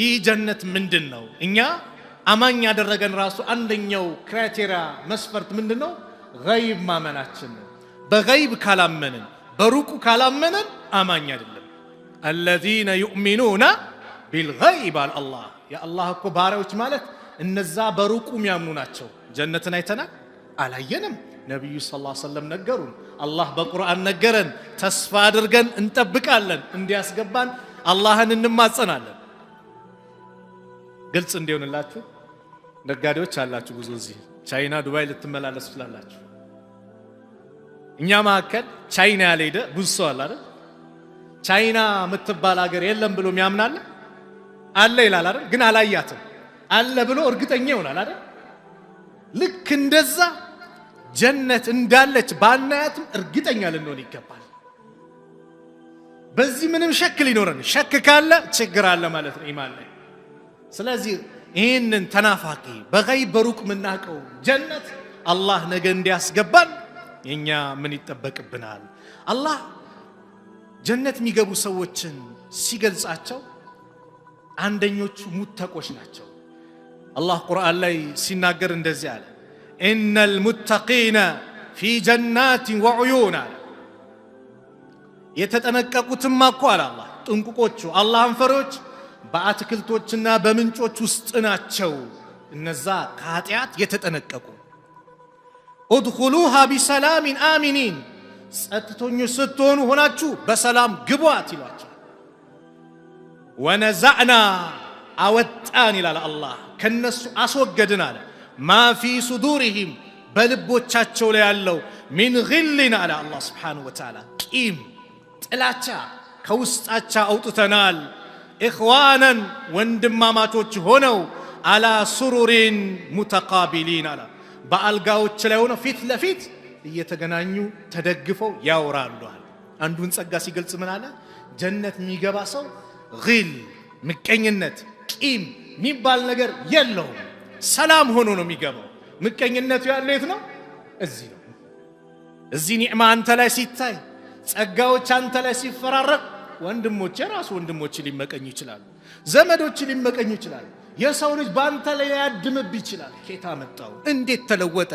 ይህ ጀነት ምንድን ነው? እኛ አማኝ ያደረገን ራሱ አንደኛው ክራይቴሪያ መስፈርት ምንድን ነው? ገይብ ማመናችን ነው። በገይብ ካላመንን በሩቁ ካላመንን አማኝ አይደለም። አለዚነ ዩእሚኑነ ቢልገይብ አልአላ የአላህ እኮ ባሪያዎች ማለት እነዛ በሩቁ የሚያምኑ ናቸው። ጀነትን አይተናል አላየንም። ነቢዩ ሰለላሁ ዐለይሂ ነገሩን። አላህ በቁርአን ነገረን። ተስፋ አድርገን እንጠብቃለን። እንዲያስገባን አላህን እንማጸናለን። ግልጽ እንዲሆንላችሁ ነጋዴዎች አላችሁ ብዙ እዚህ ቻይና፣ ዱባይ ልትመላለስ ትችላላችሁ። እኛ መካከል ቻይና ያልሄደ ብዙ ሰው አለ አይደል? ቻይና የምትባል ሀገር የለም ብሎ የሚያምናለ አለ ይላል አይደል? ግን አላያትም አለ ብሎ እርግጠኛ ይሆናል አይደል? ልክ እንደዛ ጀነት እንዳለች ባናያትም እርግጠኛ ልንሆን ይገባል። በዚህ ምንም ሸክ ሊኖረን ሸክ ካለ ችግር አለ ማለት ነው ኢማን ላይ ስለዚህ ይህንን ተናፋቂ በቀይ በሩቅ የምናውቀው ጀነት አላህ ነገ እንዲያስገባን የእኛ ምን ይጠበቅብናል? አላህ ጀነት የሚገቡ ሰዎችን ሲገልጻቸው አንደኞቹ ሙተቆች ናቸው። አላህ ቁርአን ላይ ሲናገር እንደዚህ አለ፣ ኢነል ሙተቂነ ፊ ጀናቲን ወዕዩን አለ። የተጠነቀቁትማ እኮ አለ አላህ ጥንቁቆቹ አላህን ፈሪዎች በአትክልቶችና በምንጮች ውስጥ ናቸው። እነዛ ከኃጢአት የተጠነቀቁ ኡድኹሉሃ ቢሰላሚን አሚኒን ጸጥተኞች ስትሆኑ ሆናችሁ በሰላም ግቧት ይሏቸው። ወነዛዕና አወጣን ይላል አላህ ከነሱ አስወገድን አለ ማ ፊ ሱዱሪሂም በልቦቻቸው ላይ ያለው ሚን ግሊን አለ አላህ ስብሓነሁ ወተዓላ ቂም ጥላቻ ከውስጣቻ አውጥተናል። ኢኽዋነን ወንድማማቾች ሆነው አላ ሱሩሪን ሙተቃቢሊን አላ በአልጋዎች ላይ ሆነው ፊት ለፊት እየተገናኙ ተደግፈው ያወራሉ አለ። አንዱን ጸጋ ሲገልጽ ምን አለ? ጀነት የሚገባ ሰው ጊል ምቀኝነት፣ ቂም የሚባል ነገር የለውም። ሰላም ሆኖ ነው የሚገባው። ምቀኝነቱ ያለው የት ነው? እዚህ ነው። እዚህ ኒዕማ አንተ ላይ ሲታይ፣ ጸጋዎች አንተ ላይ ሲፈራረቅ ወንድሞቼ ራሱ ወንድሞች ሊመቀኙ ይችላሉ። ዘመዶች ሊመቀኙ ይችላሉ። የሰው ልጅ በአንተ ላይ ያድምብ ይችላል። ኬታ መጣው እንዴት ተለወጠ